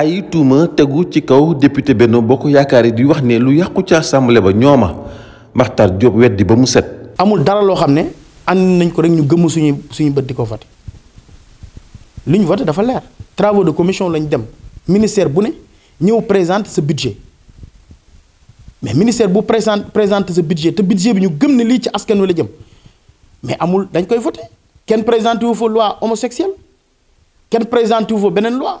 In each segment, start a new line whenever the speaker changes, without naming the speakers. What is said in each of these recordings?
ay tuuma tegu ci kaw député Benno Boko Yakari di wax ne lu yakku ci assemblée ba ñoma martar Diop weddi ba mu set. amul dara lo xam ne nañ ko
rek ñu gëm suñu suñu bët di ko voté voté dafa lèr travaux de commission lañ dem ministère bu né ñeu présente ce budget mais ministère bu présente présente ce budget te budget bi ñu gëm ne li ci askan wala jëm mais amul dañ koy voté ken présenté wu fo loi homosexuelle ken présenté wu fa loi.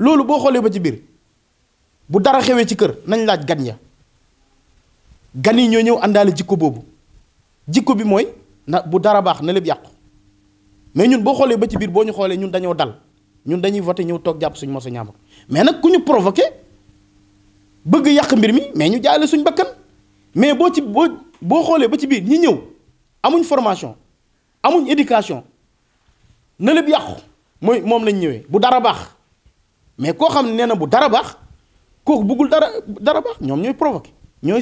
loolu boo xoolee ba ci biir bu dara xewee ci kër nañ laaj gan ya gan yi ñoo ñëw àndaale jikko boobu jikko bi mooy na bu dara baax na lépp yàqu mais ñun boo xoolee ba ci biir boo ñu xoolee ñun dañoo dal ñun dañuy voté ñëw toog jàpp suñ mosa ñaamar mais nag ku ñu provoqué bëgg yàq mbir mi mais ñu jaale suñ bakkan mais boo ci boo boo xoolee ba ci biir ñi ñëw amuñ formation amuñ éducation na lépp yàqu mooy moom lañ ñëwee bu dara baax mais ko on ne bu dara bax nous bëggul dara dara bax ñom des provoquer ñoy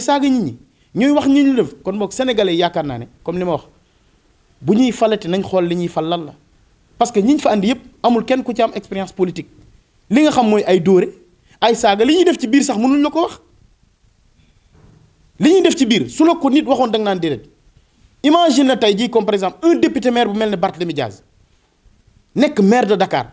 ñi wax kon sénégalais comme lima wax bu ñuy falati nañ parce que ñiñ fa andi yépp amul ku ci am expérience politique li nga xam mooy ay dóore ay saaga li ñuy def ci biir sax mënuñ la wax li def ci biir ko nit imagine na tey jii comme par exemple un député maire bu ne Diaz nekk maire de Dakar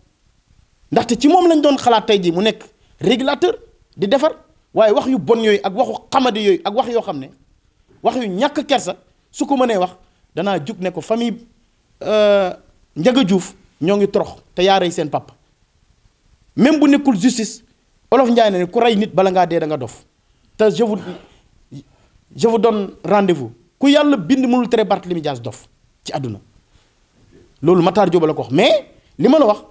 ndaxte ci moom lañ doon xalaat tey jii mu nekk régulateur di defar waaye wax yu bon yooyu ak waxu xamadi yooyu ak wax yoo xam ne wax yu ñàkk kersa su ko mënee wax danaa jug ne ko famille euh, Ndiaga juuf ñoo ngi torox te yaa rey seen papa même bu nekkul justice olof Ndiaye na ne ku rey nit bala ngaa dee da nga dof te je vous je vous ku yàlla bind mënul tere Barthélémy Dias dof ci àdduna loolu Matar Diop la ko wax mais li ma la wax.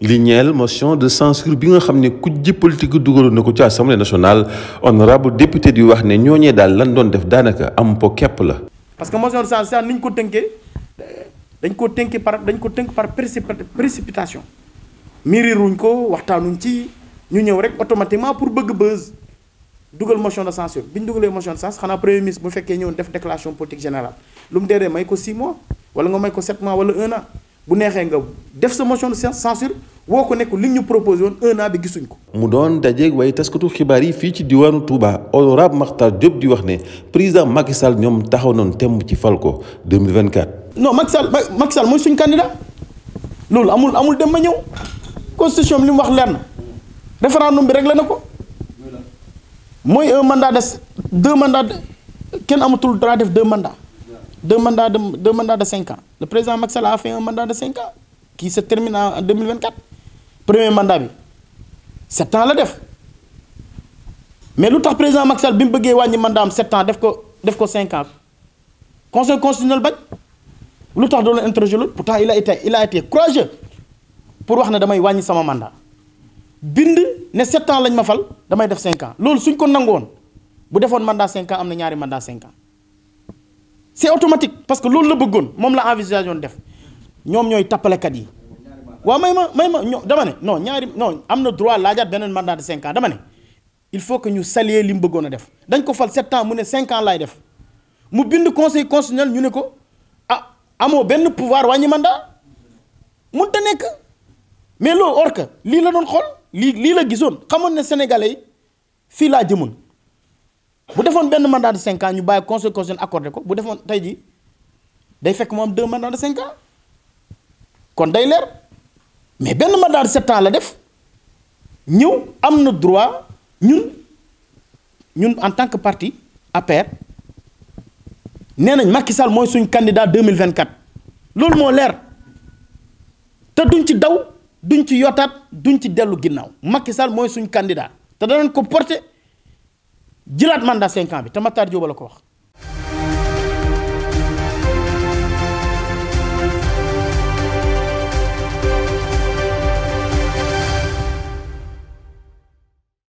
li motion de censure bi nga xamné ku ji politique dugaloon nako ci assemblée nationale honorable député di wax né ñooñee dal lan doon def danaka am po képp la.
parce que motion de censure niñ ko tënkee dañ ko tënkee par dañ ko tënk par précipitation miriruñ ko waxtaanuñ ci ñu ñëw rek automatiquement pour bëgg buzz dugal motion de censure biñ ñu motion de censure xana premier ministre bu féké ñëwoon def déclaration politique générale lu mu dee may ko 6 mois wala nga may ko 7 mois wala 1 an. bu neexee nga def sa motion de censure woo ko nekk li ñu
proposé woon un an bi gisuñ ko. mu doon dajeeg waaye taskatu xibaar yi fii ci diwaanu Touba honorable Makhtar Diop di wax ne président Macky Sall ñoom taxaw noonu temm ci fal ko 2024.
non Macky Sall Macky Sall mooy suñu candidat loolu amul amul dem ma ñëw constitution bi li mu wax leer na référendum bi la na ko mooy un mandat de deux mandats de kenn amatul droit def deux mandats deux mandats de deux mandats de cinq ans. le président Macky Sall a fait un mandat de 5 ans qui se termine en 2024 premier mandat bi 7 ans la def mais lu tax président Macky bi mu bëggee wàññi mandat am 7 ans def ko def ko 5 ans conseil constitutionnel bañ lu tax doon interroger loolu pourtant il a été il a été courageux pour wax ne damay wàññi sama mandat bind ne 7 ans lañ ma fal damay def 5 ans loolu suñ ko nangu woon bu defoon mandat 5 ans am na ñaari mandat 5 c'est automatique parce que loolu la bëggoon moom la envisage def ñoom ñooy kat yi waaw may ma may ma dama ne non ñaari non am na droit laajaat beneen mandat de 5 ans dama ne il faut que ñu salier li mu bëggoon a def dañ ko fal 7 ans mu ne 5 ans lay def mu bind conseil constitutionnel ñu ne ko ah amoo benn pouvoir wàññi mandat mun ta nekk mais loolu or que lii la doon xool lii lii la gisoon xamoon ne sénégalais yi fii laa jëmoon vous avez un mandat de 5 ans ñu un conseil constitutionnel accordé ko bu vous. Vous de day ans. deux mandats de 5 ans kon day mais un mandat de 7 ans la def le droit nous, en tant que parti à nee nañ Macky Sall mooy suñ candidat 2024. mille vingt quatre te duñ ci daw duñ ci duñ ci nous candidat porter. jëlaat mandat cinq ans bi te Matar Diop la ko wax.